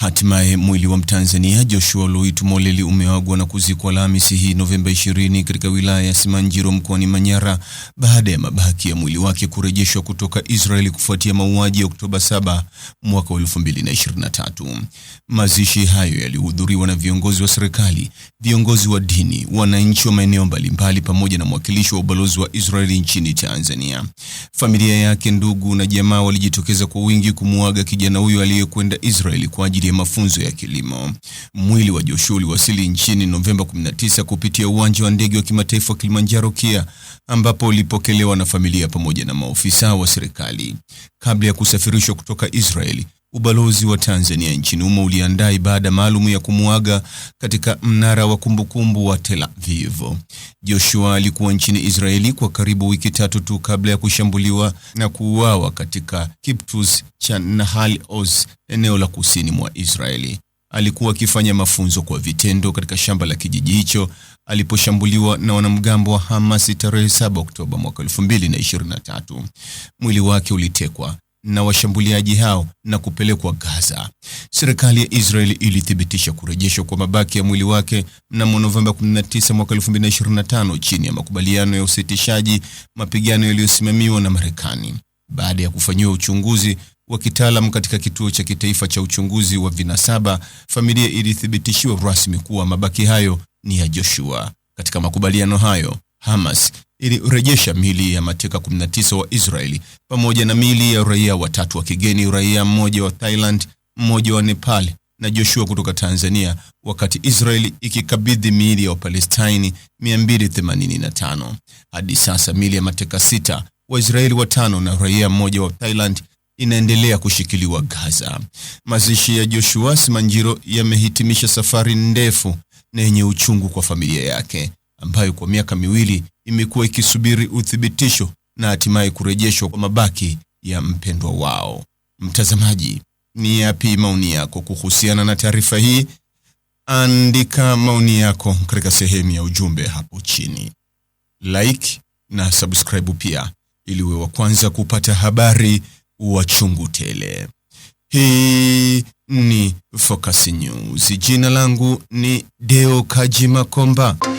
Hatimaye mwili wa Mtanzania Joshua Loitu Moleli umeagwa na kuzikwa Alhamisi hii Novemba 20 katika wilaya ya Simanjiro mkoani Manyara baada ya mabaki ya mwili wake kurejeshwa kutoka Israeli kufuatia mauaji ya Oktoba 7 mwaka 2023. Mazishi hayo yalihudhuriwa na viongozi wa serikali, viongozi wa dini, wananchi wa maeneo mbalimbali pamoja na mwakilishi wa ubalozi wa Israeli nchini Tanzania. Familia yake, ndugu na jamaa walijitokeza kwa wingi kumuaga kijana huyo aliyekwenda Israeli kwa ajili ya mafunzo ya kilimo. Mwili wa Joshua uliwasili nchini Novemba 19 kupitia uwanja wa ndege wa kimataifa wa Kilimanjaro KIA, ambapo ulipokelewa na familia pamoja na maofisa wa serikali kabla ya kusafirishwa kutoka Israeli Ubalozi wa Tanzania nchini humo uliandaa ibada maalum ya kumuaga katika mnara wa kumbukumbu wa Tel Aviv. Joshua alikuwa nchini Israeli kwa karibu wiki tatu tu kabla ya kushambuliwa na kuuawa katika Kiptus cha Nahal Oz, eneo la kusini mwa Israeli. Alikuwa akifanya mafunzo kwa vitendo katika shamba la kijiji hicho aliposhambuliwa na wanamgambo wa Hamas tarehe 7 Oktoba mwaka 2023. Mwili wake ulitekwa na washambuliaji hao na kupelekwa Gaza. Serikali ya Israeli ilithibitisha kurejeshwa kwa mabaki ya mwili wake mnamo Novemba 19 mwaka 2025 chini ya makubaliano ya usitishaji mapigano yaliyosimamiwa na Marekani baada ya kufanyiwa uchunguzi wa kitaalam katika kituo cha kitaifa cha uchunguzi wa vinasaba, familia ilithibitishiwa rasmi kuwa mabaki hayo ni ya Joshua. Katika makubaliano hayo, Hamas ilirejesha miili ya mateka 19 wa Israeli pamoja na miili ya raia watatu wa kigeni, raia mmoja wa Thailand, mmoja wa Nepal na Joshua kutoka Tanzania, wakati Israeli ikikabidhi miili ya Wapalestini 285. Hadi sasa miili ya mateka sita, Waisraeli watano na raia mmoja wa Thailand inaendelea kushikiliwa Gaza. Mazishi ya Joshua Simanjiro yamehitimisha safari ndefu na yenye uchungu kwa familia yake ambayo kwa miaka miwili imekuwa ikisubiri uthibitisho na hatimaye kurejeshwa kwa mabaki ya mpendwa wao. Mtazamaji, ni yapi maoni yako kuhusiana na taarifa hii? Andika maoni yako katika sehemu ya ujumbe hapo chini, like na subscribe pia, ili uwe wa kwanza kupata habari wa chungu tele. Hii ni Focus News. Jina langu ni Deo Kaji Makomba.